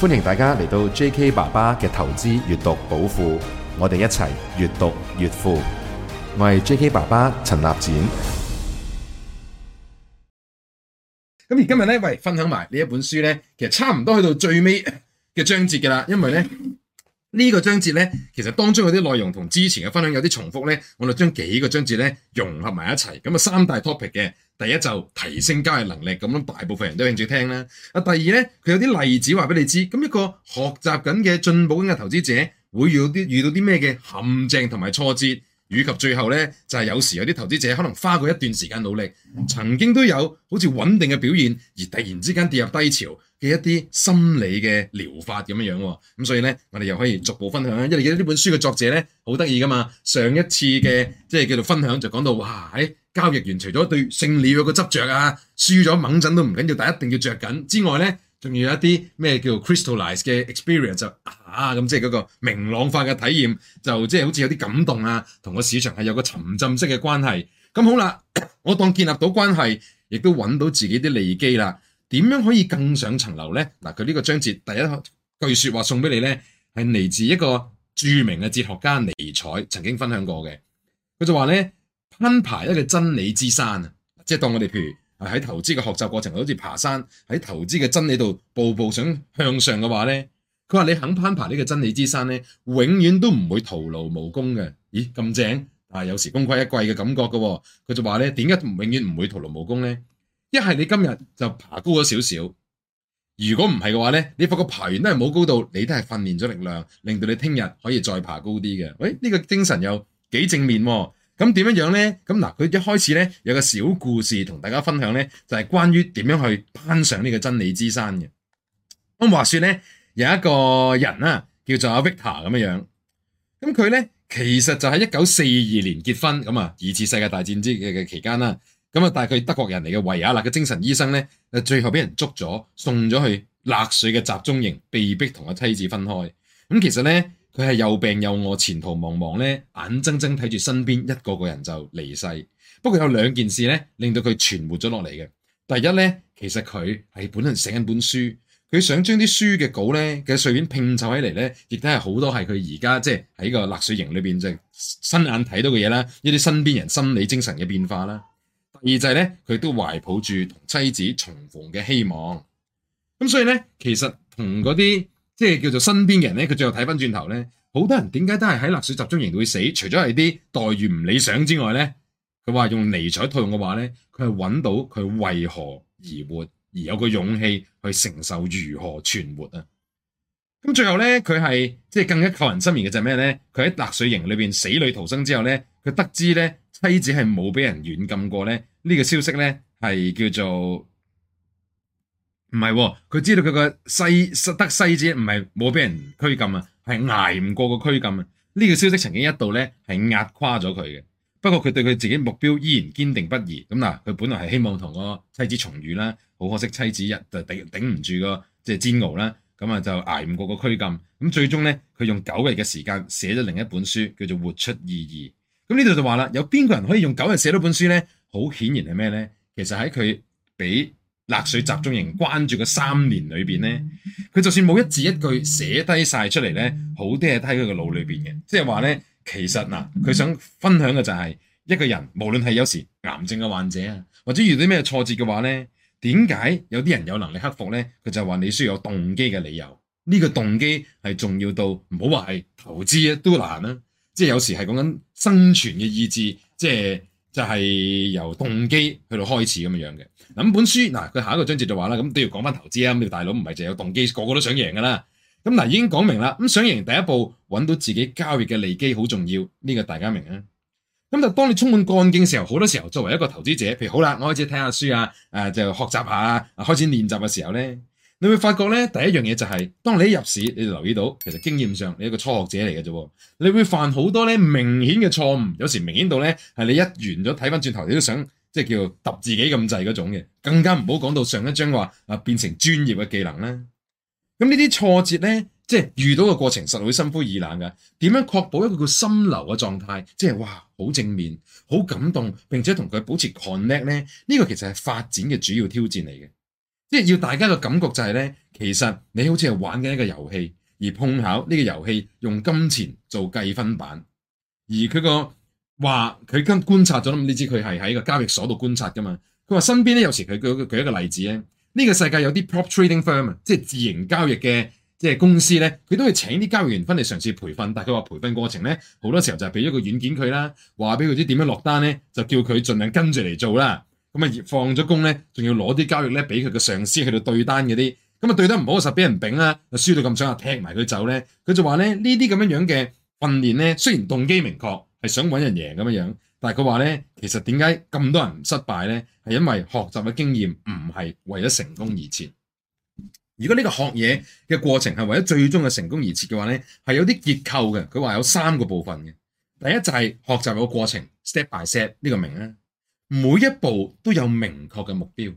歡迎大家嚟到 J.K. 爸爸嘅投資閱讀寶庫，我哋一齊越讀越富。我係 J.K. 爸爸陳立展。咁而今日呢，喂，分享埋呢一本書呢，其實差唔多去到最尾嘅章節㗎喇，因為呢。呢個章節呢，其實當中有啲內容同之前嘅分享有啲重複呢，我哋將幾個章節呢融合埋一齊，咁啊三大 topic 嘅，第一就提升交易能力，咁樣大部分人都有興趣聽啦。第二呢，佢有啲例子話俾你知，咁一個學習緊嘅、進步緊嘅投資者會有啲遇到啲咩嘅陷阱同埋挫折。以及最後呢，就係、是、有時有啲投資者可能花過一段時間努力，曾經都有好似穩定嘅表現，而突然之間跌入低潮嘅一啲心理嘅療法咁樣樣，咁所以呢，我哋又可以逐步分享。因為記得呢本書嘅作者呢，好得意㗎嘛。上一次嘅即係叫做分享就講到哇，喺、啊、交易員除咗對勝利有個執着啊，輸咗猛震都唔緊要，但一定要着緊之外呢。」仲要有一啲咩叫 crystallize 嘅 experience 啊就啊咁，即係嗰個明朗化嘅體驗，就即係好似有啲感動啊，同個市場係有個沉浸式嘅關係。咁好啦，我當建立到關係，亦都揾到自己啲利基啦。點樣可以更上層樓咧？嗱、啊，佢呢個章節第一句説話送俾你咧，係嚟自一個著名嘅哲學家尼采曾經分享過嘅。佢就話咧，攀爬一個真理之山啊，即係當我哋譬如。喺投資嘅學習過程，好似爬山。喺投資嘅真理度步步想向上嘅話咧，佢話你肯攀爬呢個真理之山咧，永遠都唔會徒勞無功嘅。咦咁正？但係有時功虧一簣嘅感覺嘅、哦。佢就話咧，點解永遠唔會徒勞無功咧？一係你今日就爬高咗少少，如果唔係嘅話咧，你發覺爬完都係冇高度，你都係訓練咗力量，令到你聽日可以再爬高啲嘅。喂、哎，呢、呢個精神又幾正面喎！咁點樣樣咧？咁嗱，佢一開始咧有個小故事同大家分享咧，就係關於點樣去攀上呢個真理之山嘅。咁話說咧，有一個人啦，叫做阿 Viktor 咁樣樣。咁佢咧其實就喺一九四二年結婚，咁啊，二次世界大戰之嘅期間啦。咁啊，但係佢德國人嚟嘅維也納嘅精神醫生咧，最後俾人捉咗，送咗去納粹嘅集中營，被逼同個妻子分開。咁其實咧。佢係又病又餓，前途茫茫咧，眼睜睜睇住身邊一個個人就離世。不過有兩件事咧，令到佢存活咗落嚟嘅。第一咧，其實佢係本身寫緊本書，佢想將啲書嘅稿咧嘅碎片拼湊起嚟咧，亦都係好多係佢而家即係喺個納粹營裏邊即係親眼睇到嘅嘢啦，一啲身邊人心理精神嘅變化啦。第二就係咧，佢都懷抱住同妻子重逢嘅希望。咁所以咧，其實同嗰啲。即係叫做身邊嘅人咧，佢最後睇翻轉頭咧，好多人點解都係喺納粹集中營會死？除咗係啲待遇唔理想之外咧，佢話用尼采推嘅話咧，佢係揾到佢為何而活，而有個勇氣去承受如何存活啊！咁最後咧，佢係即係更加扣人心弦嘅就係咩咧？佢喺納粹營裏邊死裏逃生之後咧，佢得知咧妻子係冇俾人軟禁過咧，呢、這個消息咧係叫做。唔係，佢、哦、知道佢個細實得細子，唔係冇俾人拘禁啊，係挨唔過個拘禁啊。呢、個消息曾經一度咧，係壓垮咗佢嘅。不過佢對佢自己目標依然堅定不移。咁嗱，佢本來係希望同個妻子重遇啦，好可惜妻子日就頂頂唔住個即係煎熬啦。咁啊就挨唔過個拘禁。咁最終咧，佢用九日嘅時間寫咗另一本書，叫做《活出意義》。咁呢度就話啦，有邊個人可以用九日寫到本書咧？好顯然係咩咧？其實喺佢俾。納粹集中營關注嘅三年裏邊咧，佢就算冇一字一句寫低晒出嚟咧，好啲係喺佢個腦裏邊嘅。即係話咧，其實嗱，佢想分享嘅就係、是、一個人，無論係有時癌症嘅患者啊，或者遇到咩挫折嘅話咧，點解有啲人有能力克服咧？佢就話你需要有動機嘅理由，呢、這個動機係重要到唔好話係投資啊都難啦。即、就、係、是、有時係講緊生存嘅意志，即係。就係由動機去到開始咁樣樣嘅。咁本書嗱，佢下一個章節就話啦，咁都要講翻投資啊。呢條大佬唔係淨係有動機，個個都想贏噶啦。咁嗱已經講明啦。咁想贏第一步，揾到自己交易嘅利基好重要。呢、這個大家明啊。咁就係當你充滿幹勁嘅時候，好多時候作為一個投資者，譬如好啦，我開始睇下書啊，誒、呃、就學習下啊，開始練習嘅時候咧。你會發覺咧，第一樣嘢就係、是、當你一入市，你就留意到其實經驗上你一個初學者嚟嘅啫，你會犯好多咧明顯嘅錯誤，有時明顯到咧係你一完咗睇翻轉頭，你都想即係叫揼自己咁滯嗰種嘅，更加唔好講到上一章話啊變成專業嘅技能啦。咁呢啲挫折咧，即係遇到嘅過程，實會心灰意冷噶。點樣確保一個叫心流嘅狀態，即係哇好正面、好感動，並且同佢保持 connect 咧？呢個其實係發展嘅主要挑戰嚟嘅。即係要大家嘅感覺就係、是、咧，其實你好似係玩緊一個遊戲，而碰巧呢個遊戲用金錢做計分板。而佢個話佢今觀察咗，咁你知佢係喺個交易所度觀察噶嘛？佢話身邊咧有時佢舉舉一個例子咧，呢、這個世界有啲 prop trading firm 即係自營交易嘅即係公司咧，佢都會請啲交易員翻嚟嘗試培訓，但係佢話培訓過程咧，好多時候就係俾咗個軟件佢啦，話俾佢知點樣落單咧，就叫佢盡量跟住嚟做啦。咁啊，放咗工咧，仲要攞啲交易咧，俾佢嘅上司去到對單嗰啲。咁啊，對得唔好就俾人抦啦，輸到咁想啊踢埋佢走咧。佢就話咧，呢啲咁樣樣嘅訓練咧，雖然動機明確，係想揾人贏咁樣樣，但係佢話咧，其實點解咁多人唔失敗咧？係因為學習嘅經驗唔係為咗成功而設。如果呢個學嘢嘅過程係為咗最終嘅成功而設嘅話咧，係有啲結構嘅。佢話有三個部分嘅，第一就係學習個過程，step by step 呢個明啦。每一步都有明確嘅目標，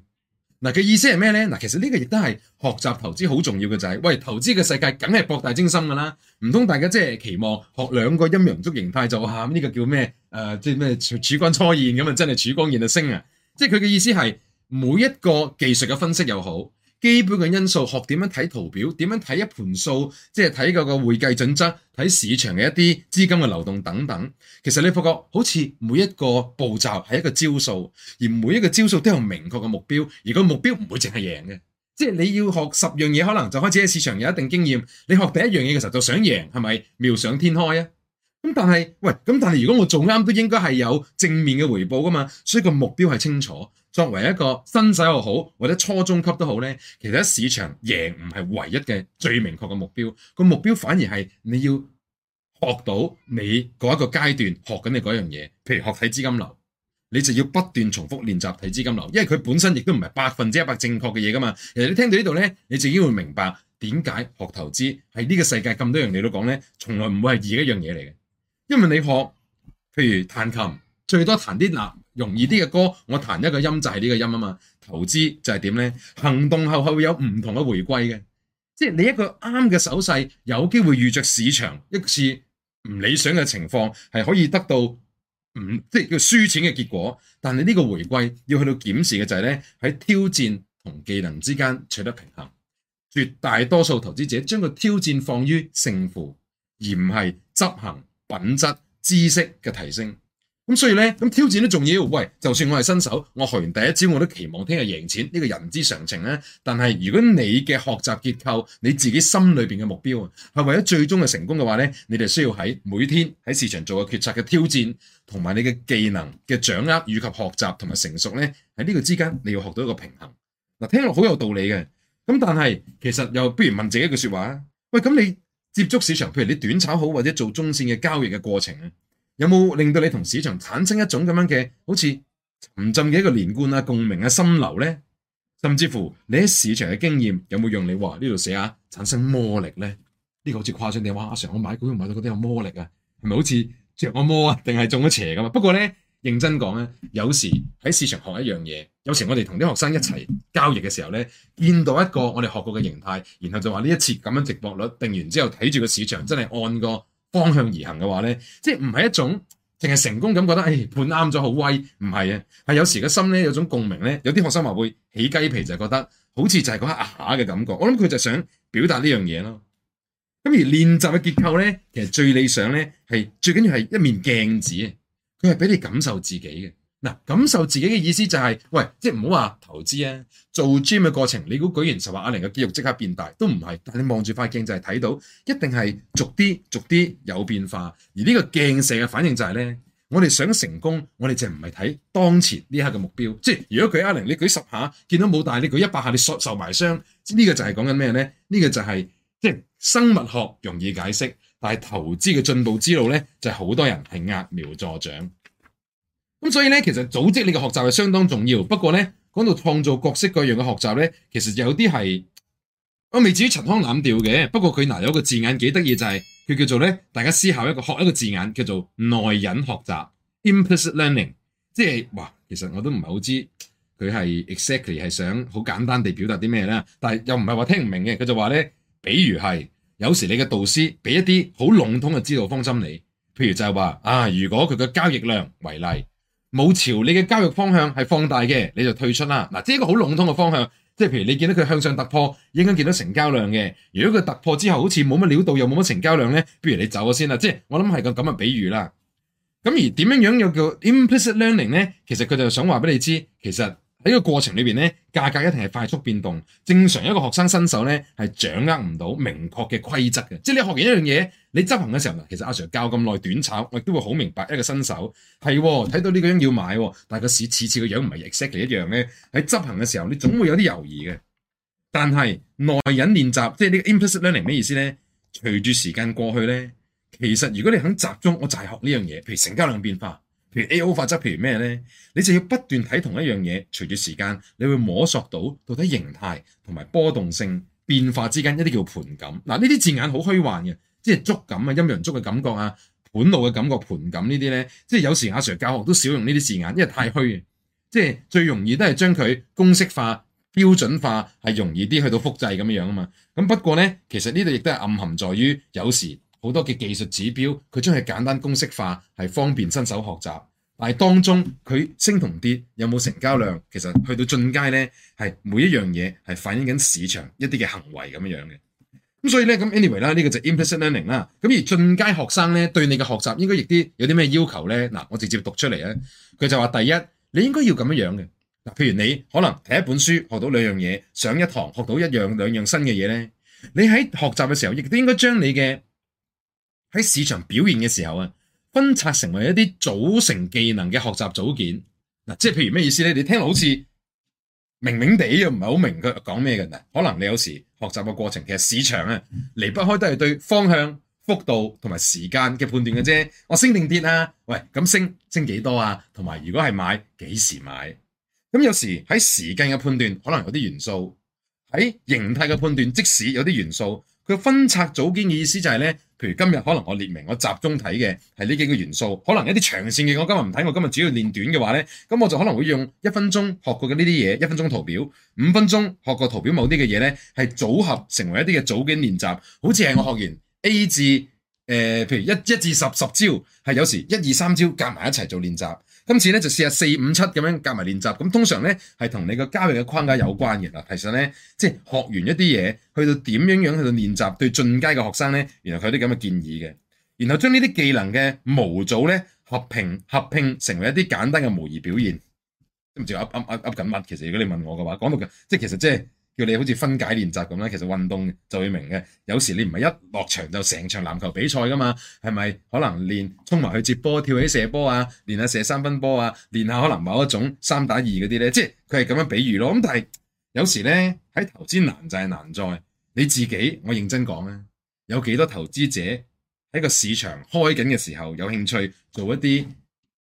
嗱嘅意思係咩咧？嗱，其實呢個亦都係學習投資好重要嘅就係、是，喂，投資嘅世界梗係博大精深噶啦，唔通大家即係期望學兩個陰陽燭形態就吓，呢、這個叫咩？誒、呃，即係咩？曙光初現咁啊，真係曙光現就升啊！即係佢嘅意思係，每一個技術嘅分析又好。基本嘅因素，學點樣睇圖表，點樣睇一盤數，即係睇個個會計準則，睇市場嘅一啲資金嘅流動等等。其實你發覺，好似每一個步驟係一個招數，而每一個招數都有明確嘅目標。而個目標唔會淨係贏嘅，即係你要學十樣嘢，可能就開始喺市場有一定經驗。你學第一樣嘢嘅時候就想贏，係咪妙想天開啊？咁但係喂，咁但係如果我做啱，都應該係有正面嘅回報噶嘛？所以個目標係清楚。作為一個新手又好，或者初中級都好呢，其實市場贏唔係唯一嘅最明確嘅目標，個目標反而係你要學到你嗰一個階段學緊你嗰樣嘢，譬如學睇資金流，你就要不斷重複練習睇資金流，因為佢本身亦都唔係百分之一百正確嘅嘢噶嘛。其實你聽到呢度呢，你自己經會明白點解學投資喺呢個世界咁多樣嘢都講呢，從來唔會係二一樣嘢嚟嘅，因為你學譬如彈琴，最多彈啲難，容易啲嘅歌，我彈一個音就係呢個音啊嘛。投資就係點呢？行動後係會有唔同嘅回歸嘅，即係你一個啱嘅手勢，有機會遇着市場一次唔理想嘅情況，係可以得到唔即係叫輸錢嘅結果。但係呢個回歸要去到檢視嘅就係呢：喺挑戰同技能之間取得平衡。絕大多數投資者將個挑戰放於勝負，而唔係執行品質、知識嘅提升。咁所以咧，咁挑戰都重要，喂，就算我係新手，我學完第一招，我都期望聽日贏錢，呢個人之常情咧。但係如果你嘅學習結構，你自己心裏邊嘅目標啊，係為咗最終嘅成功嘅話咧，你哋需要喺每天喺市場做個決策嘅挑戰，同埋你嘅技能嘅掌握，以及學習同埋成熟咧，喺呢個之間你要學到一個平衡。嗱，聽落好有道理嘅。咁但係其實又不如問自己一句説話，喂，咁你接觸市場，譬如你短炒好，或者做中線嘅交易嘅過程有冇令到你同市場產生一種咁樣嘅，好似唔浸嘅一個連貫啊、共鳴嘅心流咧？甚至乎你喺市場嘅經驗有冇讓你話呢度寫下產生魔力咧？呢個好似誇張，你話，阿常我買股票買到覺得有魔力啊，係咪好似着我魔啊？定係中咗邪咁嘛？」不過咧，認真講咧，有時喺市場學一樣嘢，有時我哋同啲學生一齊交易嘅時候咧，見到一個我哋學過嘅形態，然後就話呢一次咁樣直播率定完之後睇住個市場真係按個方向而行嘅話咧，即係唔係一種淨係成功咁覺得，哎判啱咗好威，唔係啊，係有時個心咧有種共鳴咧，有啲學生話會起雞皮，就係覺得好似就係嗰刻啊嘅感覺，我諗佢就想表達呢樣嘢咯。咁而練習嘅結構咧，其實最理想咧係最緊要係一面鏡子，佢係俾你感受自己嘅。嗱，感受自己嘅意思就係、是，喂，即係唔好話投資啊，做 gym 嘅過程，你估舉完十下啞鈴嘅肌肉即刻變大，都唔係。但係你望住塊鏡就係睇到，一定係逐啲逐啲有變化。而呢個鏡射嘅反應就係、是、咧，我哋想成功，我哋就唔係睇當前呢刻嘅目標。即係如果舉啞鈴你舉十下見到冇大，你舉一百下你受受埋傷，呢、這個就係講緊咩咧？呢、這個就係、是、即係生物學容易解釋，但係投資嘅進步之路咧，就係、是、好多人係揠苗助長。咁所以咧，其實組織你嘅學習係相當重要。不過咧，講到創造各式各樣嘅學習咧，其實有啲係我未至於陳腔濫調嘅。不過佢嗱有一個字眼幾得意，就係佢叫做咧，大家思考一個學一個字眼，叫做內隱學習 （implicit learning）。即係哇，其實我都唔係好知佢係 exactly 係想好簡單地表達啲咩啦。但係又唔係話聽唔明嘅，佢就話咧，比如係有時你嘅導師俾一啲好籠統嘅指導方針你，譬如就係話啊，如果佢嘅交易量為例。冇潮，你嘅交易方向係放大嘅，你就退出啦。嗱，即係一個好籠統嘅方向，即係譬如你見到佢向上突破，應該見到成交量嘅。如果佢突破之後好似冇乜料到，又冇乜成交量咧，不如你走咗先啦。即係我諗係個咁嘅比喻啦。咁而點樣樣又叫 implicit learning 咧？其實佢就想話俾你知，其實喺個過程裏邊咧，價格一定係快速變動。正常一個學生新手咧，係掌握唔到明確嘅規則嘅，即係你學完一樣嘢。你執行嘅時候，其實阿 Sir 教咁耐短炒，我亦都會好明白一個新手係喎、睇到呢個樣要買喎，但係個市次次個樣唔係 exactly 一樣咧。喺執行嘅時候，你總會有啲猶豫嘅。但係內隱練習，即係呢個 implicit learning 咩意思咧？隨住時間過去咧，其實如果你肯集中，我就係學呢樣嘢，譬如成交量變化，譬如 A O 法則，譬如咩咧，你就要不斷睇同一樣嘢。隨住時間，你會摸索到到底形態同埋波動性變化之間一啲叫盤感。嗱，呢啲字眼好虛幻嘅。即係觸感啊，陰陽觸嘅感覺啊，盤路嘅感覺，盤感呢啲咧，即係有時阿 Sir 教學都少用呢啲字眼，因為太虛，即係最容易都係將佢公式化、標準化，係容易啲去到複製咁樣樣啊嘛。咁不過咧，其實呢度亦都係暗含在於，有時好多嘅技術指標，佢將係簡單公式化，係方便新手學習，但係當中佢升同跌有冇成交量，其實去到進階咧，係每一樣嘢係反映緊市場一啲嘅行為咁樣樣嘅。咁所以咧，咁 anyway 啦，呢個就 implicit learning 啦。咁而進階學生咧，對你嘅學習應該亦都有啲咩要求咧？嗱，我直接讀出嚟咧，佢就話：第一，你應該要咁樣樣嘅。嗱，譬如你可能睇一本書學到兩樣嘢，上一堂學到一樣兩樣新嘅嘢咧。你喺學習嘅時候亦都應該將你嘅喺市場表現嘅時候啊，分拆成為一啲組成技能嘅學習組件。嗱，即係譬如咩意思咧？你聽落好似明明地又唔係好明佢講咩嘅，嗱？可能你有時。學習嘅過程，其實市場啊，離不開都係對方向、幅度同埋時間嘅判斷嘅啫。我、啊、升定跌啊？喂，咁升升幾多啊？同埋如果係買，幾時買？咁有時喺時間嘅判斷，可能有啲元素；喺形態嘅判斷，即使有啲元素。佢分拆組件嘅意思就係咧。譬如今日可能我列明我集中睇嘅係呢幾個元素，可能一啲長線嘅我今日唔睇，我今日主要練短嘅話呢，咁我就可能會用一分鐘學過嘅呢啲嘢，一分鐘圖表，五分鐘學過圖表某啲嘅嘢呢，係組合成為一啲嘅組件練習，好似係我學完 A 字，誒、呃、譬如一一至十十招係有時 1, 2, 一二三招夾埋一齊做練習。今次咧就試下四五七咁樣夾埋練習，咁通常咧係同你個交易嘅框架有關嘅嗱。其實咧，即係學完一啲嘢，去到點樣樣去到練習，對進階嘅學生咧，原來佢有啲咁嘅建議嘅。然後將呢啲技能嘅模組咧合平合拼成為一啲簡單嘅模擬表現，都唔知噏噏噏噏緊乜。其實如果你問我嘅話，講到嘅即係其實即、就、係、是即係。佢哋好似分解練習咁咧，其實運動就會明嘅。有時你唔係一落場就成場籃球比賽噶嘛，係咪可能練衝埋去接波、跳起射波啊，練下射三分波啊，練下可能某一種三打二嗰啲咧，即係佢係咁樣比喻咯。咁但係有時咧喺投資難就係難在你自己，我認真講咧，有幾多投資者喺個市場開緊嘅時候有興趣做一啲？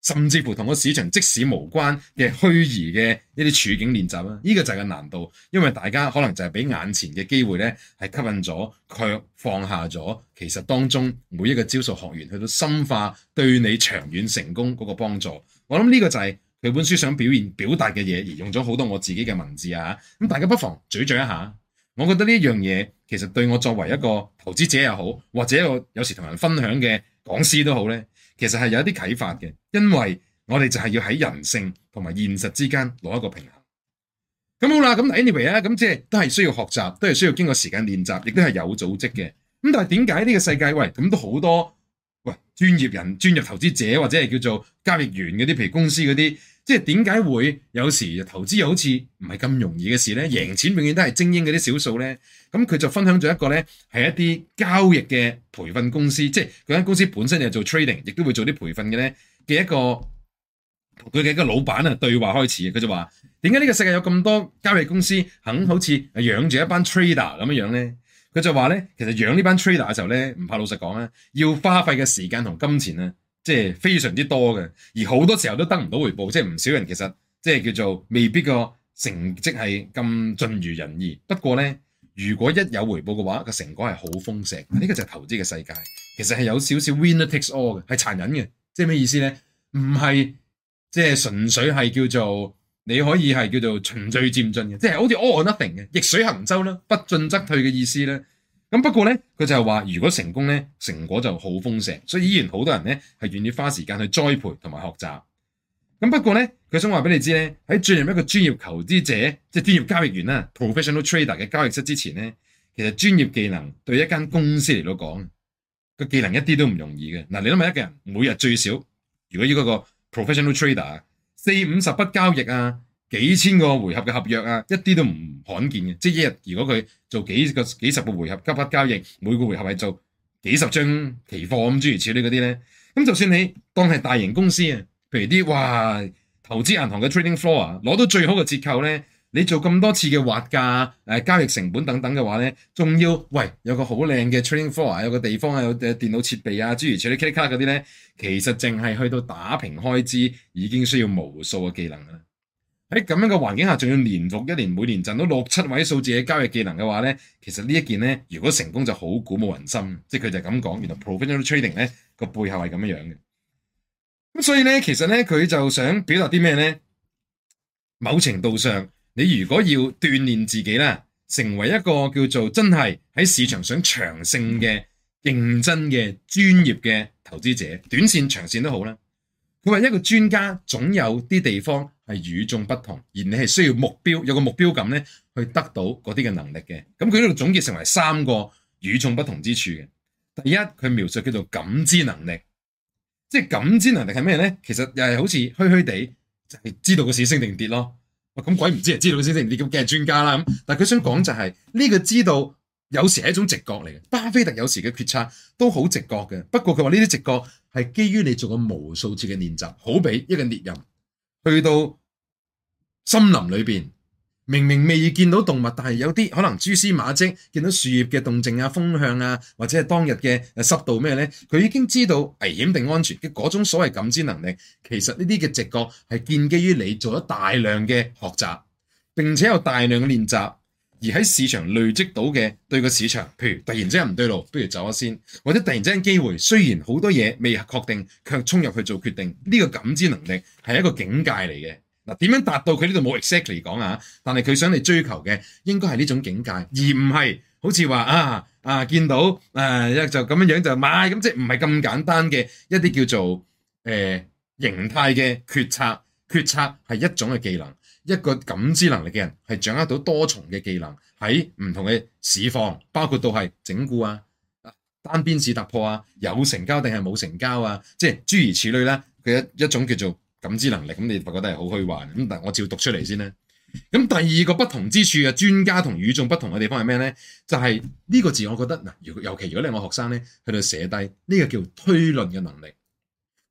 甚至乎同個市場即使無關嘅虛擬嘅一啲處境練習啦，呢個就係個難度，因為大家可能就係俾眼前嘅機會呢係吸引咗，卻放下咗。其實當中每一個招數，學員去到深化對你長遠成功嗰個幫助，我諗呢個就係佢本書想表現表達嘅嘢，而用咗好多我自己嘅文字啊。咁大家不妨咀嚼一下。我覺得呢一樣嘢，其實對我作為一個投資者又好，或者我有時同人分享嘅講師都好呢。其實係有一啲啟發嘅，因為我哋就係要喺人性同埋現實之間攞一個平衡。咁、嗯、好啦，咁 anyway 啊，咁即係都係需要學習，都係需要經過時間練習，亦都係有組織嘅。咁但係點解呢個世界喂咁都好多喂專業人、專業投資者或者係叫做交易員嗰啲，譬如公司嗰啲。即係點解會有時投資又好似唔係咁容易嘅事咧？贏錢永遠都係精英嗰啲少數咧。咁佢就分享咗一個咧，係一啲交易嘅培訓公司，即係佢間公司本身就做 trading，亦都會做啲培訓嘅咧嘅一個佢嘅一個老闆啊對話開始，佢就話：點解呢個世界有咁多交易公司肯好似養住一班 trader 咁樣樣咧？佢就話咧，其實養呢班 trader 嘅時候咧，唔怕老實講啊，要花費嘅時間同金錢啊。即係非常之多嘅，而好多時候都得唔到回報，即係唔少人其實即係叫做未必個成績係咁盡如人意。不過呢，如果一有回報嘅話，個成果係好豐盛。呢個就係投資嘅世界，其實係有少少 winner takes all 嘅，係殘忍嘅。即係咩意思呢？唔係即係純粹係叫做你可以係叫做循序漸進嘅，即係好似 all or nothing 嘅逆水行舟啦，不進則退嘅意思呢。咁不過咧，佢就係話，如果成功咧，成果就好豐碩，所以依然好多人咧係願意花時間去栽培同埋學習。咁不過咧，佢想話俾你知咧，喺進入一個專業投資者即係專業交易員啦，professional trader 嘅交易室之前咧，其實專業技能對一間公司嚟到講，個技能一啲都唔容易嘅。嗱，你諗下，一個人每日最少，如果要嗰個 professional trader 四五十筆交易啊。幾千個回合嘅合約啊，一啲都唔罕見嘅。即係一日，如果佢做幾個、幾十個回合急急交易，每個回合係做幾十張期貨咁，諸如此類嗰啲咧。咁就算你當係大型公司啊，譬如啲哇投資銀行嘅 trading floor 攞到最好嘅折扣咧，你做咁多次嘅滑價、誒、呃、交易成本等等嘅話咧，仲要喂有個好靚嘅 trading floor 有個地方啊，有電腦設備啊，諸如此類 click click 嗰啲咧，其實淨係去到打平開支已經需要無數嘅技能啦。喺咁樣嘅環境下，仲要連續一年，每年賺到六七位數字嘅交易技能嘅話咧，其實呢一件咧，如果成功就好鼓舞人心。即係佢就咁講，原來 professional trading 咧個背後係咁樣樣嘅。咁所以咧，其實咧佢就想表達啲咩咧？某程度上，你如果要鍛煉自己啦，成為一個叫做真係喺市場上長勝嘅認真嘅專業嘅投資者，短線長線都好啦。佢話一個專家總有啲地方係與眾不同，而你係需要目標，有個目標感咧，去得到嗰啲嘅能力嘅。咁佢呢度總結成為三個與眾不同之處嘅。第一，佢描述叫做感知能力，即係感知能力係咩咧？其實又係好似虛虛地，就係、是、知道個市升定跌咯。咁鬼唔知啊，嗯、知道個市升定跌咁梗係專家啦。咁但係佢想講就係、是、呢、這個知道有時係一種直覺嚟嘅。巴菲特有時嘅決策都好直覺嘅。不過佢話呢啲直覺。係基於你做過無數次嘅練習，好比一個獵人去到森林裏邊，明明未見到動物，但係有啲可能蛛絲馬跡見到樹葉嘅動靜啊、風向啊，或者係當日嘅誒濕度咩咧，佢已經知道危險定安全嘅嗰種所謂感知能力，其實呢啲嘅直覺係建基於你做咗大量嘅學習，並且有大量嘅練習。而喺市場累積到嘅對個市場，譬如突然之間唔對路，不如走咗先；或者突然之間機會，雖然好多嘢未確定，卻衝入去做決定。呢個感知能力係一個境界嚟嘅。嗱，點樣達到佢呢度冇 exactly 嚟講啊？但係佢想你追求嘅應該係呢種境界，而唔係好似話啊啊見到啊就咁樣樣就買咁，即係唔係咁簡單嘅一啲叫做誒、呃、形態嘅決策。決策係一種嘅技能。一個感知能力嘅人係掌握到多重嘅技能，喺唔同嘅市況，包括到係整固啊、單邊市突破啊、有成交定係冇成交啊，即係諸如此類啦。佢一一種叫做感知能力，咁你咪覺得係好虛幻。咁但係我照讀出嚟先啦。咁第二個不同之處啊，專家同與眾不同嘅地方係咩咧？就係、是、呢個字，我覺得嗱，尤其如果你係我學生咧，去到寫低呢個叫推論嘅能力。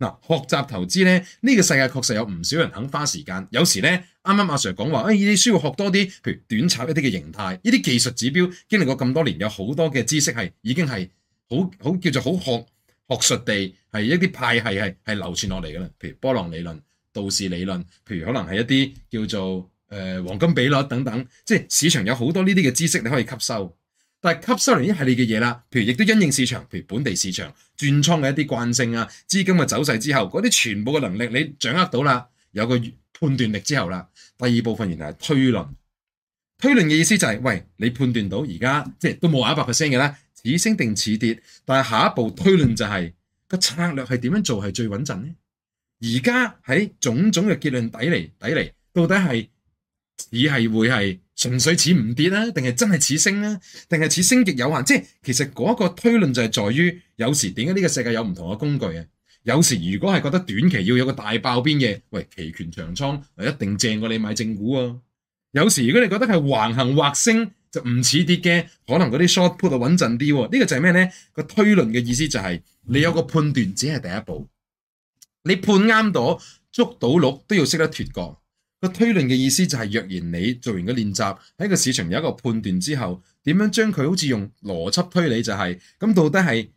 嗱，學習投資咧，呢個世界確實有唔少人肯花時間，有時咧。啱啱阿 Sir 講話，誒、哎，你需要多學多啲，譬如短炒一啲嘅形態，呢啲技術指標，經歷過咁多年，有好多嘅知識係已經係好好叫做好學學術地，係一啲派系係係流傳落嚟嘅啦。譬如波浪理論、道氏理論，譬如可能係一啲叫做誒、呃、黃金比率等等，即係市場有好多呢啲嘅知識你可以吸收，但係吸收完一系列嘅嘢啦，譬如亦都因應市場，譬如本地市場轉倉嘅一啲慣性啊、資金嘅走勢之後，嗰啲全部嘅能力你掌握到啦，有個判斷力之後啦，第二部分原來係推論。推論嘅意思就係，喂，你判斷到而家即係都冇話一百 percent 嘅啦，似升定似跌，但係下一步推論就係個策略係點樣做係最穩陣呢？而家喺種種嘅結論底嚟底嚟，到底係只係會係純粹似唔跌啦，定係真係似升啦，定係似升極有限？即係其實嗰個推論就係在於，有時點解呢個世界有唔同嘅工具啊？有時如果係覺得短期要有個大爆邊嘅，喂，期權長倉啊，一定正過你買正股啊。有時如果你覺得係橫行或升，就唔似跌嘅，可能嗰啲 short put 到穩陣啲。呢、這個就係咩呢？個推論嘅意思就係、是、你有個判斷，只係第一步。嗯、你判啱到，捉到鹿都要識得脫角。個推論嘅意思就係、是，若然你做完個練習，喺個市場有一個判斷之後，點樣將佢好似用邏輯推理、就是，就係咁到底係。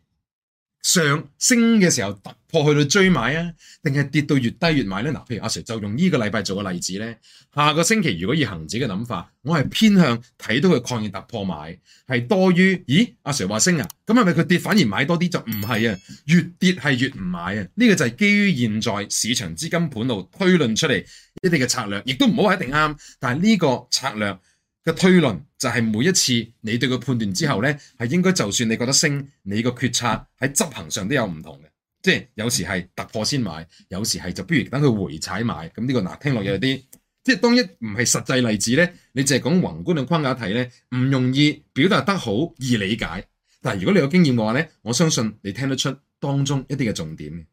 上升嘅時候突破去到追買啊，定係跌到越低越買呢？嗱，譬如阿 Sir 就用呢個禮拜做個例子呢：下個星期如果以恒指嘅諗法，我係偏向睇到佢擴展突破買，係多於咦？阿 Sir 話升啊，咁係咪佢跌反而買多啲？就唔係啊，越跌係越唔買啊。呢、這個就係基於現在市場資金盤度推論出嚟一啲嘅策略，亦都唔好話一定啱，但係呢個策略。嘅推論就係每一次你對個判斷之後呢，係應該就算你覺得升，你個決策喺執行上都有唔同嘅，即係有時係突破先買，有時係就不如等佢回踩買。咁呢個嗱聽落有啲，即係當一唔係實際例子呢，你淨係講宏觀嘅框架睇呢，唔容易表達得好易理解。但係如果你有經驗嘅話呢，我相信你聽得出當中一啲嘅重點。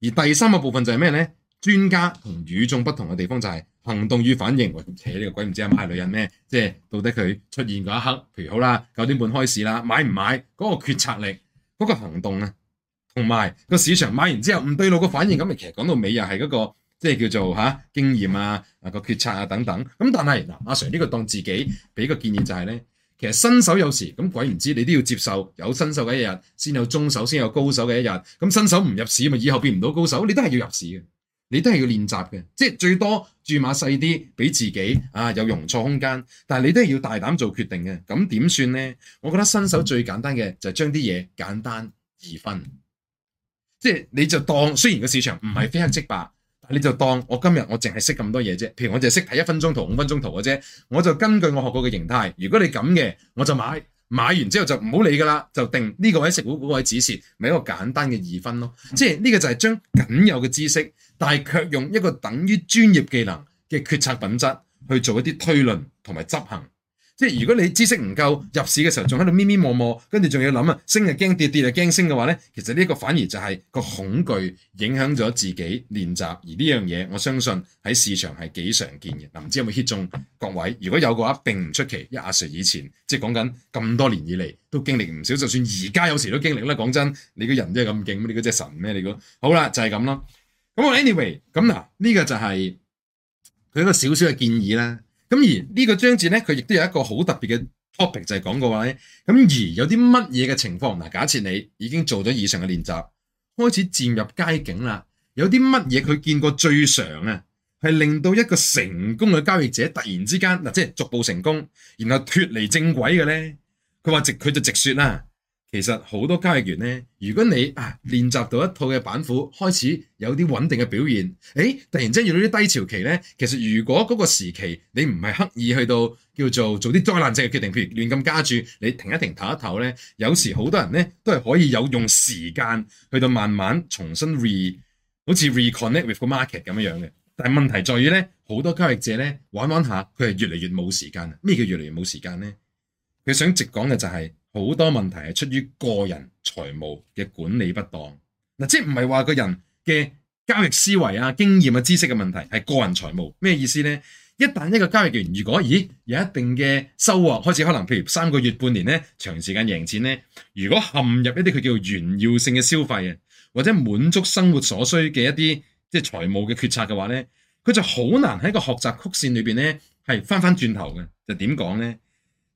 而第三個部分就係咩呢？專家同與眾不同嘅地方就係、是。行動與反應，扯呢個鬼唔知係、啊、買女人咩？即係到底佢出現嗰一刻，譬如好啦，九點半開始啦，買唔買嗰、嗰個決策力、嗰、嗰個行動啊，同埋個市場買完之後唔對路個反應咁，咪其實講到尾又係嗰個即係叫做嚇、啊、經驗啊，啊、個決策啊等等。咁但係嗱，阿、啊、Sir 呢個當自己俾個建議就係、係、咧，其實新手有時咁鬼唔知，你都要接受有新手嘅一日，先有中手，先有高手嘅一日。咁新手唔入市咪以後變唔到高手，你都係要入市嘅。你都係要練習嘅，即係最多注碼細啲，俾自己啊有容錯空間。但係你都係要大膽做決定嘅。咁點算咧？我覺得新手最簡單嘅就係將啲嘢簡單二分，即係你就當雖然個市場唔係非黑即白，但係你就當我今日我淨係識咁多嘢啫。譬如我淨係識睇一分鐘圖、五分鐘圖嘅啫，我就根據我學過嘅形態，如果你咁嘅，我就買。買完之後就唔好理㗎喇，就定呢個位食糊嗰個位止蝕，咪、就是、一個簡單嘅二分咯。即係呢個就係將僅有嘅知識，但係卻用一個等於專業技能嘅決策品質去做一啲推論同埋執行。即係如果你知識唔夠，入市嘅時候仲喺度咪咪摸摸，跟住仲要諗啊，升又驚跌跌又驚升嘅話咧，其實呢個反而就係個恐懼影響咗自己練習。而呢樣嘢我相信喺市場係幾常見嘅嗱，唔知有冇 hit 中各位？如果有嘅話，並唔出奇。一阿 Sir 以前即係講緊咁多年以嚟都經歷唔少，就算而家有時都經歷啦。講真，你個人真係咁勁你個即神咩？你個你覺得好啦，就係咁啦。咁我 Anyway，咁嗱呢個就係佢一個少少嘅建議啦。咁而呢個章節呢，佢亦都有一個好特別嘅 topic，就係講個話咧。咁而有啲乜嘢嘅情況，假設你已經做咗以上嘅練習，開始漸入佳境啦。有啲乜嘢佢見過最常啊，係令到一個成功嘅交易者突然之間，即係逐步成功，然後脫離正軌嘅呢？佢話直，佢話佢就直說啦。其實好多交易員呢，如果你啊練習到一套嘅板斧，開始有啲穩定嘅表現，誒，突然之間遇到啲低潮期呢。其實如果嗰個時期你唔係刻意去到叫做做啲災難性嘅決定，譬如亂咁加注，你停一停唞一唞呢，有時好多人呢都係可以有用時間去到慢慢重新 re，好似 reconnect with 個 market 咁樣嘅。但係問題在於呢，好多交易者呢，玩玩下，佢係越嚟越冇時間。咩叫越嚟越冇時間呢？佢想直講嘅就係。好多問題係出於個人財務嘅管理不當，嗱，即係唔係話個人嘅交易思維啊、經驗啊、知識嘅問題，係個人財務。咩意思呢？一旦一個交易員如果咦有一定嘅收穫，開始可能譬如三個月、半年咧長時間贏錢咧，如果陷入一啲佢叫做炫耀性嘅消費啊，或者滿足生活所需嘅一啲即係財務嘅決策嘅話咧，佢就好難喺個學習曲線裏邊咧係翻翻轉頭嘅，就點講呢？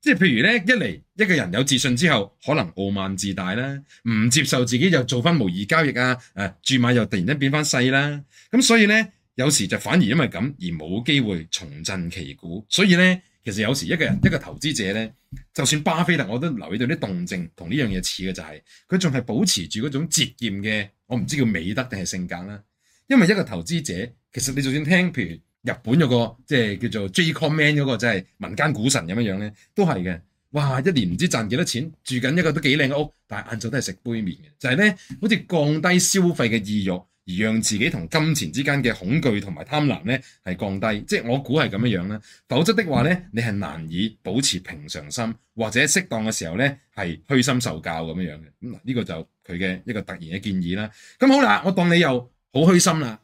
即係譬如咧，一嚟一個人有自信之後，可能傲慢自大啦，唔接受自己又做翻模擬交易啊，誒注碼又突然間變翻細啦，咁所以咧，有時就反而因為咁而冇機會重振旗鼓。所以咧，其實有時一個人一個投資者咧，就算巴菲特我都留意到啲動靜同呢樣嘢似嘅，就係佢仲係保持住嗰種節儉嘅，我唔知叫美德定係性格啦。因為一個投資者其實你就算聽譬如……日本有個即係叫做 J. Command 嗰、那個，即、就、係、是、民間股神咁樣樣咧，都係嘅。哇，一年唔知賺幾多錢，住緊一個都幾靚嘅屋，但係晏晝都係食杯麵嘅。就係、是、咧，好似降低消費嘅意欲，而讓自己同金錢之間嘅恐懼同埋貪婪咧係降低。即、就、係、是、我估係咁樣樣啦。否則的話咧，你係難以保持平常心，或者適當嘅時候咧係虛心受教咁樣樣嘅。咁、這、呢個就佢嘅一個突然嘅建議啦。咁好啦，我當你又好虛心啦。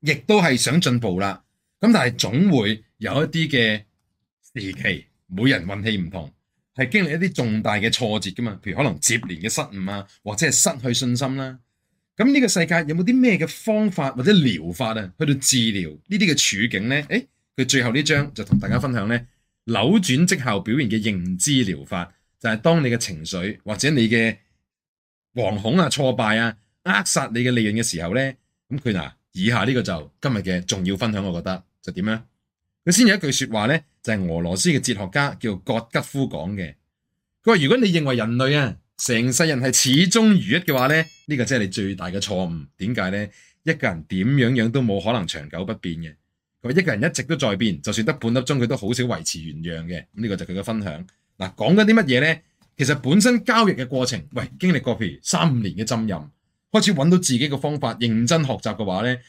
亦都係想進步啦，咁但係總會有一啲嘅時期，每人運氣唔同，係經歷一啲重大嘅挫折噶嘛，譬如可能接連嘅失誤啊，或者係失去信心啦。咁呢個世界有冇啲咩嘅方法或者療法啊，去到治療呢啲嘅處境咧？誒、欸,佢最後呢章就同大家分享咧，扭轉績效表現嘅認知療法，就係、是、當你嘅情緒或者你嘅惶恐啊、挫敗啊、扼殺你嘅利潤嘅時候咧，咁佢嗱。以下呢個就今日嘅重要分享，我覺得就點呢？佢先有一句說話呢，就係俄羅斯嘅哲學家叫葛吉夫講嘅。佢話如果你認為人類啊，成世人係始終如一嘅話呢，呢個即係你最大嘅錯誤。點解呢？一個人點樣樣都冇可能長久不變嘅。佢話一個人一直都在變，就算得半粒鐘，佢都好少維持原樣嘅。呢個就佢嘅分享。嗱，講緊啲乜嘢呢？其實本身交易嘅過程，喂，經歷過譬如三五年嘅浸淫。開始揾到自己嘅方法，認真學習嘅話咧，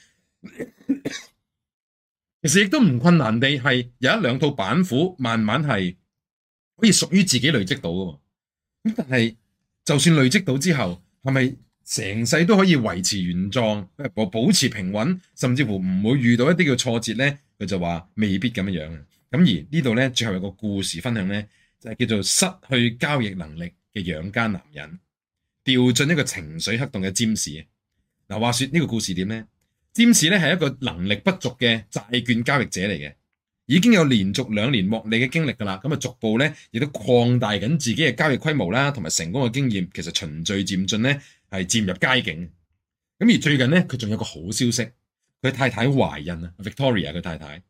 其實亦都唔困難地係有一兩套板斧，慢慢係可以屬於自己累積到嘅。咁但係就算累積到之後，係咪成世都可以維持原狀，保持平穩，甚至乎唔會遇到一啲嘅挫折咧？佢就話未必咁樣樣嘅。咁而呢度咧，最後有一個故事分享咧，就係叫做失去交易能力嘅養家男人。掉進一個情緒黑洞嘅占士，嗱，話說呢個故事點呢？占士咧係一個能力不足嘅債券交易者嚟嘅，已經有連續兩年獲利嘅經歷噶啦，咁啊逐步咧亦都擴大緊自己嘅交易規模啦，同埋成功嘅經驗，其實循序漸進咧係漸入佳境。咁而最近咧，佢仲有個好消息，佢太太懷孕啊，Victoria 佢太太。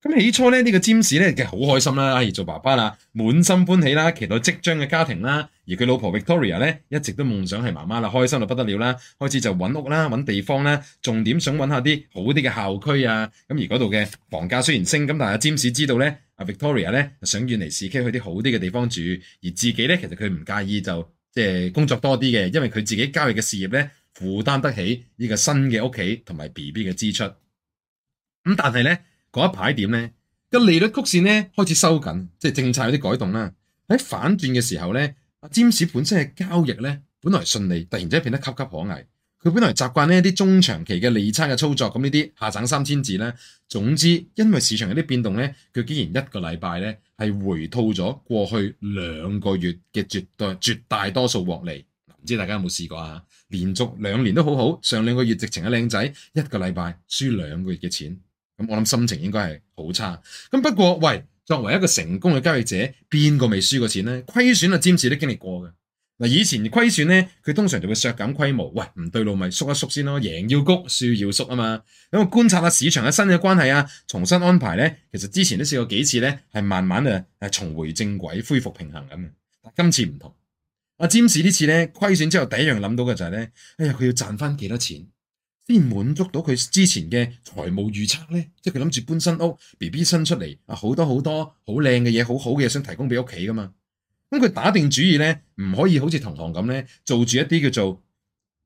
咁起初咧呢，呢個占士咧嘅好開心啦，而做爸爸啦，滿心歡喜啦，期待即將嘅家庭啦。而佢老婆 Victoria 咧，一直都夢想係媽媽啦，開心到不得了啦。開始就揾屋啦，揾地方啦，重點想揾下啲好啲嘅校區啊。咁而嗰度嘅房價雖然升，咁但係 James 知道咧，阿 Victoria 咧想遠離市區，去啲好啲嘅地方住。而自己咧，其實佢唔介意就即係、呃、工作多啲嘅，因為佢自己交易嘅事業咧負擔得起呢個新嘅屋企同埋 B B 嘅支出。咁、嗯、但係咧嗰一排點咧個利率曲線咧開始收緊，即係政策有啲改動啦。喺反轉嘅時候咧。詹士本身嘅交易咧，本來順利，突然之間變得岌岌可危。佢本來習慣呢一啲中長期嘅利差嘅操作，咁呢啲下整三千字咧。總之，因為市場有啲變動咧，佢竟然一個禮拜咧係回吐咗過去兩個月嘅絕對絕大多數獲利。唔知大家有冇試過啊？連續兩年都好好，上兩個月直情嘅靚仔一個禮拜輸兩個月嘅錢，咁我諗心情應該係好差。咁不過，喂。作為一個成功嘅交易者，邊個未輸過錢咧？虧損啊，詹士都經歷過嘅。嗱，以前虧損咧，佢通常就會削減規模，喂，唔對路咪縮一縮先咯，贏要谷，輸要縮啊嘛。咁、嗯、啊，觀察下、啊、市場嘅新嘅關係啊，重新安排咧。其實之前都試過幾次咧，係慢慢誒，係重回正軌，恢復平衡咁嘅。但今次唔同，阿、啊、詹士次呢次咧虧損之後，第一樣諗到嘅就係、是、咧，哎呀，佢要賺翻幾多錢？先滿足到佢之前嘅財務預測咧，即係佢諗住搬新屋，B B 新出嚟啊，好多好多好靚嘅嘢，好好嘅嘢想提供俾屋企噶嘛。咁佢打定主意咧，唔可以好似同行咁咧，做住一啲叫做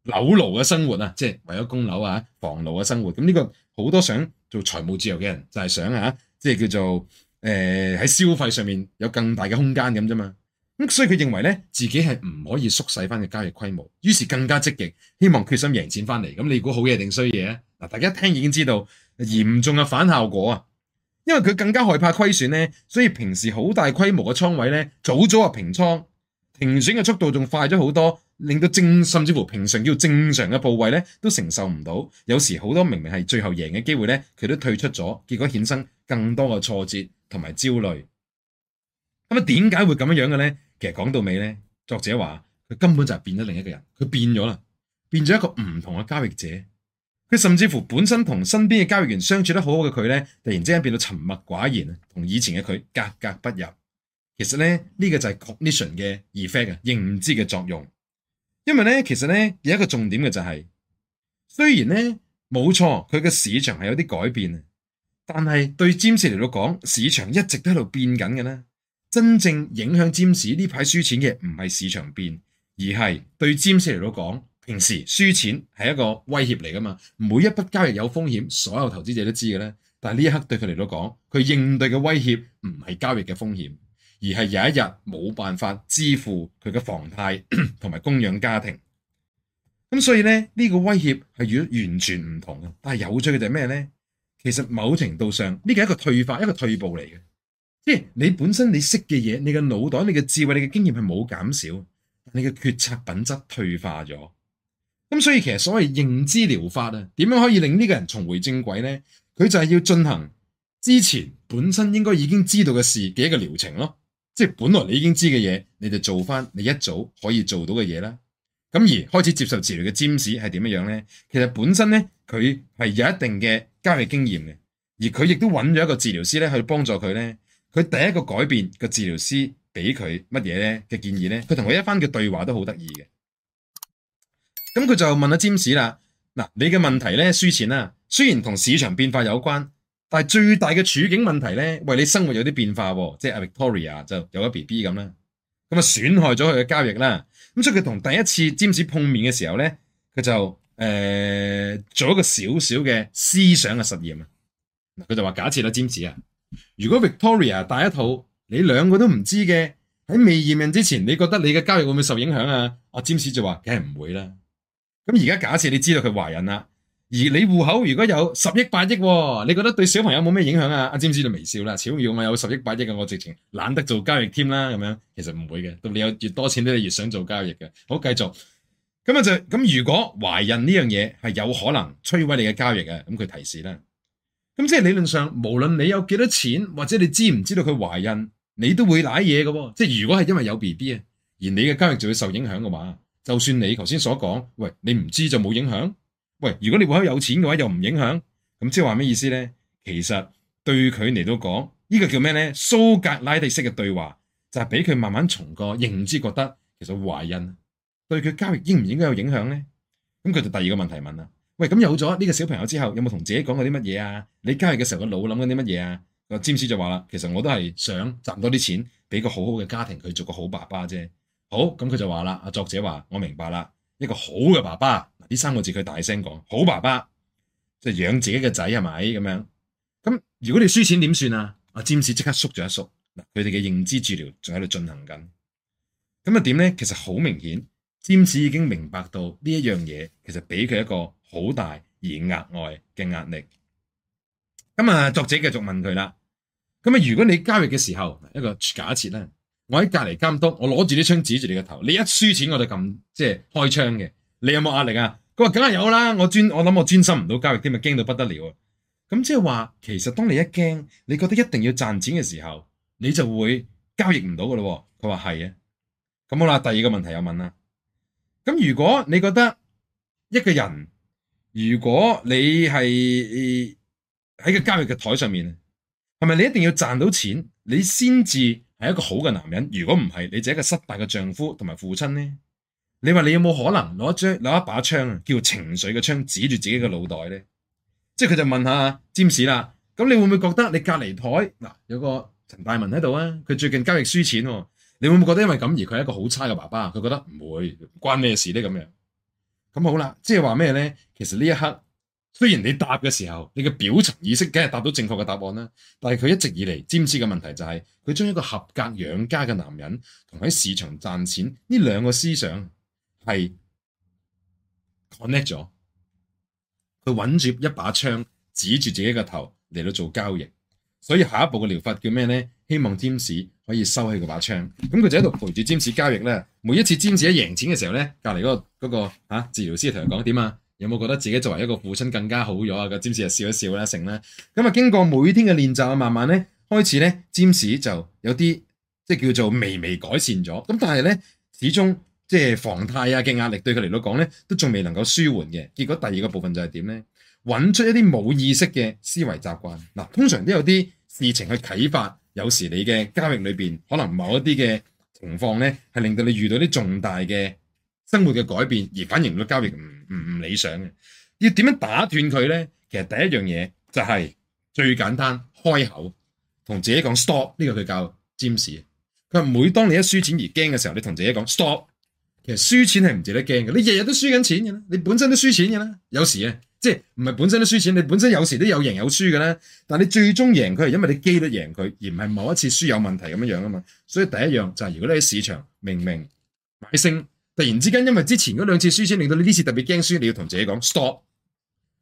樓奴嘅生活啊，即係為咗供樓啊，房奴嘅生活。咁呢個好多想做財務自由嘅人就係想啊，即係叫做誒喺消費上面有更大嘅空間咁啫嘛。咁所以佢認為咧，自己係唔可以縮細翻嘅交易規模，於是更加積極，希望決心贏錢翻嚟。咁你估好嘢定衰嘢啊？嗱，大家聽已經知道嚴重嘅反效果啊！因為佢更加害怕虧損咧，所以平時好大規模嘅倉位咧，早早啊平倉，停損嘅速度仲快咗好多，令到正甚至乎平常叫正常嘅部位咧都承受唔到。有時好多明明係最後贏嘅機會咧，佢都退出咗，結果衍生更多嘅挫折同埋焦慮。咁啊，點解會咁樣嘅咧？其實講到尾咧，作者話佢根本就係變咗另一個人，佢變咗啦，變咗一個唔同嘅交易者。佢甚至乎本身同身邊嘅交易員相處得好好嘅佢咧，突然之間變到沉默寡言啊，同以前嘅佢格格不入。其實咧呢個就係 cognition 嘅 effect 啊，認知嘅作用。因為咧其實咧有一個重點嘅就係，雖然咧冇錯佢嘅市場係有啲改變，但係對詹士嚟到講，市場一直都喺度變緊嘅咧。真正影響占士呢排輸錢嘅唔係市場變，而係對占士嚟到講，平時輸錢係一個威脅嚟噶嘛。每一筆交易有風險，所有投資者都知嘅咧。但係呢一刻對佢嚟到講，佢應對嘅威脅唔係交易嘅風險，而係有一日冇辦法支付佢嘅房貸同埋供養家庭。咁所以咧呢、呢個威脅係與完全唔同嘅。但係有趣嘅就係咩咧？其實某程度上呢個係一個退化，一個退步嚟嘅。即係你本身你識嘅嘢，你嘅腦袋、你嘅智慧、你嘅經驗係冇減少，你嘅決策品質退化咗。咁所以其實所謂認知療法啊，點樣可以令呢個人重回正軌咧？佢就係要進行之前本身應該已經知道嘅事嘅一個療程咯。即係本來你已經知嘅嘢，你就做翻你一早可以做到嘅嘢啦。咁而開始接受治療嘅佔士係點樣樣咧？其實本身咧佢係有一定嘅交易經驗嘅，而佢亦都揾咗一個治療師咧去幫助佢咧。佢第一個改變，個治療師俾佢乜嘢咧嘅建議呢？佢同佢一番嘅對話都好得意嘅。咁佢就問阿占士啦，嗱，你嘅問題呢，輸錢啦，雖然同市場變化有關，但係最大嘅處境問題呢，為你生活有啲變化喎，即係 Victoria 就有咗 B B 咁啦，咁啊損害咗佢嘅交易啦。咁所以佢同第一次占士碰面嘅時候呢，佢就誒、呃、做了一個小小嘅思想嘅實驗啊。佢就話假設啦，占士如果 Victoria 戴一套，你兩個都唔知嘅，喺未驗孕之前，你覺得你嘅交易會唔會受影響啊？阿占士就話梗係唔會啦。咁而家假設你知道佢懷孕啦，而你戶口如果有十億八億，你覺得對小朋友冇咩影響啊？阿占士就微笑啦，小榮啊，有十億八億嘅我，直情懶得做交易添啦。咁樣其實唔會嘅，咁你有越多錢咧，你越想做交易嘅。好繼續，咁啊就咁，如果懷孕呢樣嘢係有可能摧毀你嘅交易嘅，咁佢提示啦。咁即係理論上，無論你有幾多錢，或者你知唔知道佢懷孕，你都會瀨嘢嘅。即係如果係因為有 B B 啊，而你嘅交易就會受影響嘅話，就算你頭先所講，喂，你唔知就冇影響，喂，如果你戶口有錢嘅話又唔影響，咁即係話咩意思咧？其實對佢嚟到講，呢個叫咩咧？蘇格拉底式嘅對話就係俾佢慢慢從個認知覺得，其實懷孕對佢交易應唔應該有影響咧？咁佢就第二個問題問啦。喂，咁有咗呢個小朋友之後，有冇同自己講過啲乜嘢啊？你交易嘅時候個腦諗緊啲乜嘢啊？阿詹士就話啦，其實我都係想賺多啲錢，俾個好好嘅家庭佢做個好爸爸啫。好，咁佢就話啦，阿作者話我明白啦，一個好嘅爸爸，呢三個字佢大聲講，好爸爸，即係養自己嘅仔係咪咁樣？咁如果你輸錢點算啊？阿詹士即刻縮咗一縮。嗱，佢哋嘅認知治療仲喺度進行緊。咁啊點咧？其實好明顯，詹士已經明白到呢一樣嘢，其實俾佢一個。好大而額外嘅壓力，咁、嗯、啊，作者繼續問佢啦。咁啊，如果你交易嘅時候一個假設咧，我喺隔籬監督，我攞住啲槍指住你個頭，你一輸錢我就噉，即係開槍嘅，你有冇壓力啊？佢話梗係有啦，我專我諗我專心唔到交易添，咪驚到不得了啊！咁即係話，其實當你一驚，你覺得一定要賺錢嘅時候，你就會交易唔到噶咯。佢話係啊，咁、嗯、好啦，第二個問題又問啦。咁如果你覺得一個人，如果你係喺個交易嘅台上面，係咪你一定要賺到錢，你先至係一個好嘅男人？如果唔係，你就係一個失敗嘅丈夫同埋父親咧。你話你有冇可能攞一張攞一把槍啊，叫情緒嘅槍指住自己嘅腦袋咧？即係佢就問下詹士啦。咁、啊、你會唔會覺得你隔離台嗱有個陳大文喺度啊？佢最近交易輸錢，你會唔會覺得因為咁而佢係一個好差嘅爸爸？佢覺得唔會，關咩事咧咁樣？咁好啦，即係話咩咧？其實呢一刻，雖然你答嘅時候，你嘅表層意識梗係答到正確嘅答案啦，但係佢一直以嚟，占士嘅問題就係佢將一個合格養家嘅男人同喺市場賺錢呢兩個思想係 connect 咗，佢揾住一把槍指住自己個頭嚟到做交易，所以下一步嘅療法叫咩咧？希望占士。可以收起嗰把槍，咁佢就喺度陪住占士交易咧。每一次占士一贏錢嘅時候咧，隔離嗰個嗰、那個嚇、治療師同佢講點啊？有冇覺得自己作為一個父親更加好咗啊？ 個占士就笑一笑啦，成啦。咁啊，經過每天嘅練習啊，慢慢咧開始咧，占士就有啲即係叫做微微改善咗。咁但係咧，始終即係房貸啊嘅壓力對佢嚟到講咧，都仲未能夠舒緩嘅。結果第二個部分就係點咧？揾出一啲冇意識嘅思維習慣嗱，通常都有啲事情去啟發。有時你嘅交易裏邊，可能某一啲嘅情況咧，係令到你遇到啲重大嘅生活嘅改變，而反映到交易唔唔唔理想嘅，要點樣打斷佢咧？其實第一樣嘢就係、是、最簡單，開口同自己講 stop，呢個佢教占士，佢話每當你一輸錢而驚嘅時候，你同自己講 stop，其實輸錢係唔值得驚嘅，你日日都輸緊錢嘅啦，你本身都輸錢嘅啦，有時嘅、啊。即係唔係本身都輸錢，你本身有時都有贏有輸嘅咧，但係你最終贏佢係因為你機率贏佢，而唔係某一次輸有問題咁樣樣啊嘛。所以第一樣就係、是、如果你喺市場明明買升，突然之間因為之前嗰兩次輸錢，令到你呢次特別驚輸，你要同自己講 stop，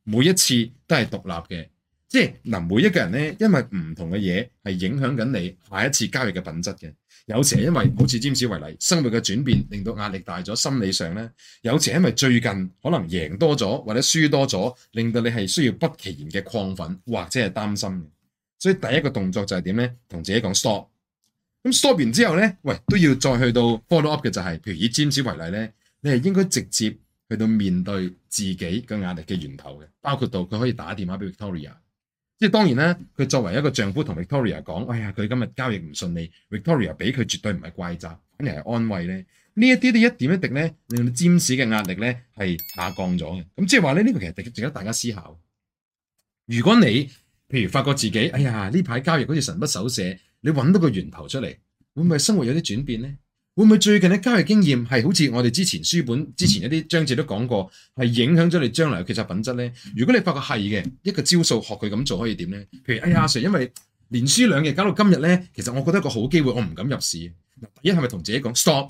每一次都係獨立嘅。即係嗱，yeah, 每一個人咧，因為唔同嘅嘢係影響緊你下一次交易嘅品質嘅。有時係因為好似占士為例，生活嘅轉變令到壓力大咗，心理上咧，有時係因為最近可能贏多咗或者輸多咗，令到你係需要不其然嘅亢奮或者係擔心嘅。所以第一個動作就係點咧，同自己講 stop。咁 stop 完之後咧，喂都要再去到 follow up 嘅就係、是，譬如以占士為例咧，你係應該直接去到面對自己個壓力嘅源頭嘅，包括到佢可以打電話俾 Victoria。即係當然咧，佢作為一個丈夫同 Victoria 講，哎呀，佢今日交易唔順利，Victoria 畀佢絕對唔係怪責，反而係安慰咧。呢一啲呢一點一滴咧，令到占士嘅壓力咧係下降咗嘅。咁即係話咧，呢個其實值得大家思考。如果你譬如發覺自己，哎呀，呢排交易好似神不守舍，你揾到個源頭出嚟，會唔會生活有啲轉變咧？會唔會最近嘅交易經驗係好似我哋之前書本、之前一啲章節都講過，係影響咗你將來嘅技術品質咧？如果你發覺係嘅一個招數，學佢咁做可以點咧？譬如哎呀，Sir，因為連輸兩日，搞到今日咧，其實我覺得一個好機會，我唔敢入市。嗱，第一係咪同自己講 stop？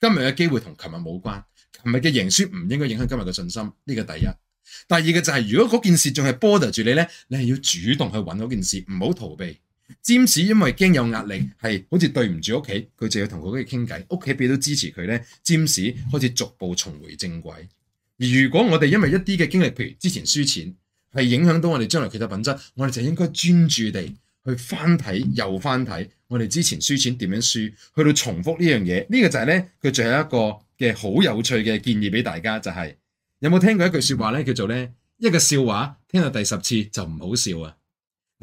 今日嘅機會同琴日冇關，琴日嘅贏輸唔應該影響今日嘅信心，呢個第一。第二個就係如果嗰件事仲係 border 住你咧，你係要主動去揾嗰件事，唔好逃避。詹士因為驚有壓力，係好似對唔住屋企，佢就要同佢屋企傾偈，屋企俾到支持佢咧，占士開始逐步重回正軌。而如果我哋因為一啲嘅經歷，譬如之前輸錢，係影響到我哋將來其他品質，我哋就應該專注地去翻睇、又翻睇我哋之前輸錢點樣輸，去到重複呢樣嘢。呢個就係咧，佢最後一個嘅好有趣嘅建議俾大家，就係、是、有冇聽過一句說話咧，叫做咧一個笑話聽到第十次就唔好笑啊！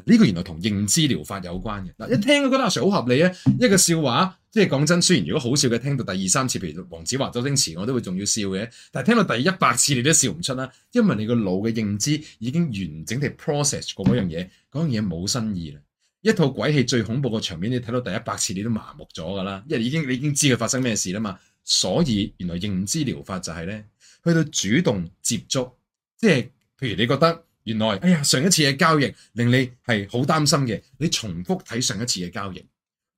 呢個原來同認知療法有關嘅嗱，一聽我覺得阿 Sir 好合理啊！一個笑話，即係講真，雖然如果好笑嘅聽到第二三次，譬如黃子華、周星馳，我都會仲要笑嘅，但係聽到第一百次你都笑唔出啦，因為你個腦嘅認知已經完整地 process 過嗰樣嘢，嗰樣嘢冇新意啦。一套鬼戲最恐怖個場面，你睇到第一百次你都麻木咗噶啦，因為已經你已經知佢發生咩事啦嘛。所以原來認知療法就係咧，去到主動接觸，即係譬如你覺得。原來，哎呀，上一次嘅交易令你係好擔心嘅。你重複睇上一次嘅交易，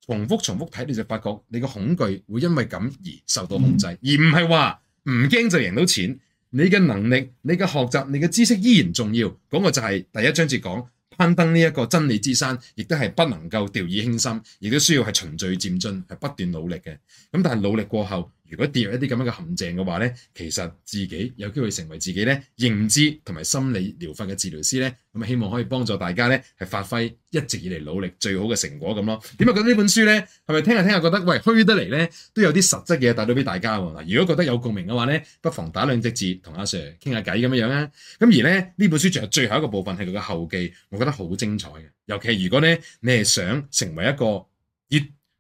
重複重複睇，你就發覺你個恐懼會因為咁而受到控制，嗯、而唔係話唔驚就贏到錢。你嘅能力，你嘅學習，你嘅知識依然重要。嗰個就係第一章節講攀登呢一個真理之山，亦都係不能夠掉以輕心，亦都需要係循序漸進，係不斷努力嘅。咁但係努力過後。如果跌入一啲咁樣嘅陷阱嘅話呢，其實自己有機會成為自己呢認知同埋心理療法嘅治療師呢，咁希望可以幫助大家呢，係發揮一直以嚟努力最好嘅成果咁咯。點解覺得呢本書呢？係咪聽下聽下覺得喂，虛得嚟呢都有啲實質嘢帶到俾大家喎？嗱，如果覺得有共鳴嘅話呢，不妨打兩隻字同阿 Sir 傾下偈咁樣啊。咁而呢呢本書仲有最後一個部分係佢嘅後記，我覺得好精彩嘅，尤其係如果呢你係想成為一個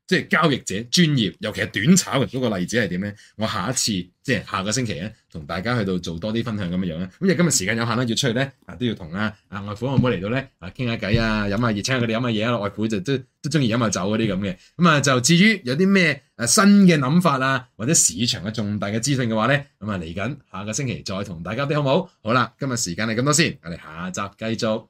即係交易者專業，尤其係短炒嘅嗰、嗰個例子係點咧？我下一次即係下個星期咧，同大家去到做多啲分享咁樣樣咧。咁因為今日時間有限咧，要出去咧啊都要同啊啊外父外母嚟到咧啊傾下偈啊，飲下熱，請下佢哋飲下嘢啊，外父就都都中意飲下酒嗰啲咁嘅。咁、嗯、啊就至於有啲咩誒新嘅諗法啊，或者市場嘅重大嘅資訊嘅話咧，咁啊嚟緊下個星期再同大家啲好唔好？好啦，今日時間係咁多先，我哋下集繼續。